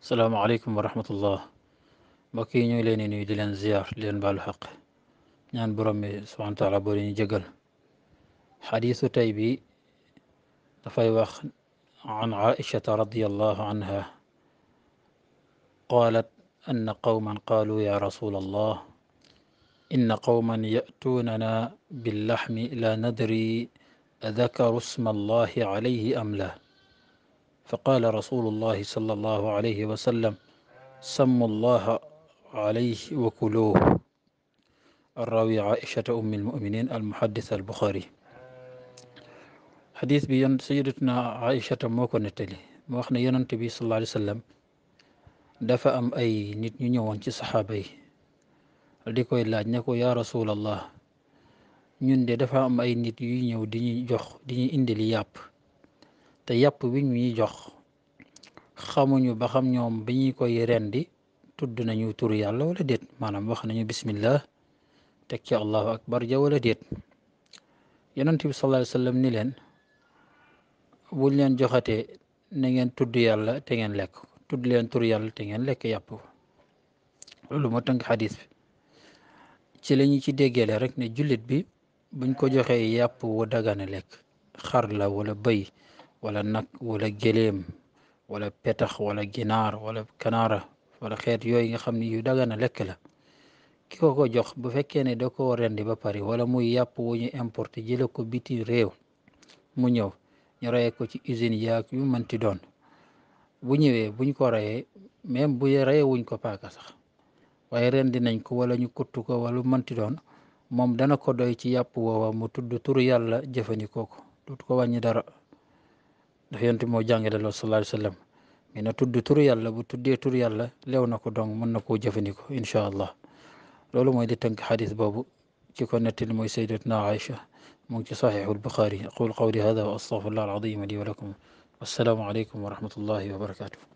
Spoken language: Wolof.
السلام عليكم ورحمه الله باكي نيو لين نيو دي زيار لين بال حق نان سبحانه وتعالى بوري ني حديث تيبي دا فاي عن عائشه رضي الله عنها قالت ان قوما قالوا يا رسول الله ان قوما ياتوننا باللحم لا ندري اذكر اسم الله عليه ام لا فقال رسول الله صلى الله عليه وسلم سموا الله عليه وكلوه الراوي عائشة أم المؤمنين المحدث البخاري حديث بين سيدتنا عائشة موكو نتلي موخنا يننت تبي صلى الله عليه وسلم دفا أم أي nit ñu ñëwoon ci saxaaba yi di koy laaj ne ko yaa rasulallah ñun de dafa am ay nit yuy ñëw di jox te yàpp wi ñuy jox xamuñu ba xam ñoom bi ñu koy rendi tudd nañu turu yàlla wala déet maanaam wax nañu bismillah teg ci allahu akbar ja wala déet yonent bi sallallahu alayhi ni leen buñ leen joxatee na ngeen tudd yàlla te ngeen lekk tudd leen turu yàlla te ngeen lekk yàpp loolu moo tënk xadis bi ci la ñu ci déggeele rek ne jullit bi buñ ko joxee yàpp wa dagana lekk xar la wala bëy wala nag wala gelem wala petax wala ginaar wala kanaara wala xeet yooyu nga xam ne yu dagana lekk la ki ko ko jox bu fekkee ne da koo rendi ba pare wala muy yàpp wu ñu importé jële ko biti réew mu ñëw ñu reyee ko ci usine yaag yu mënti doon bu ñëwee buñ ko rayee même bu raye wuñ ko paaka sax waaye rendi nañ ko wala ñu kutt ko wala mënti doon moom dana ko doy ci yàpp woowa mu tudd turu yàlla jëfandikoo ko tut ko wàññi dara ndax yonent moo jàngale loolu sallallahu alayhi wa sallam mais na tudd tur yàlla bu tuddee tur yàlla leew na ko donc mën na koo jëfandikoo incha allah loolu mooy di tënk xadis boobu ci ko nettali mooy sayyidatuna Aïcha mu ngi ci saxiixul Buxaari aqulu qawli hada wa astaghfirullah al azim li wa lakum wassalaamu aleykum wa rahmatullahi wa barakatuh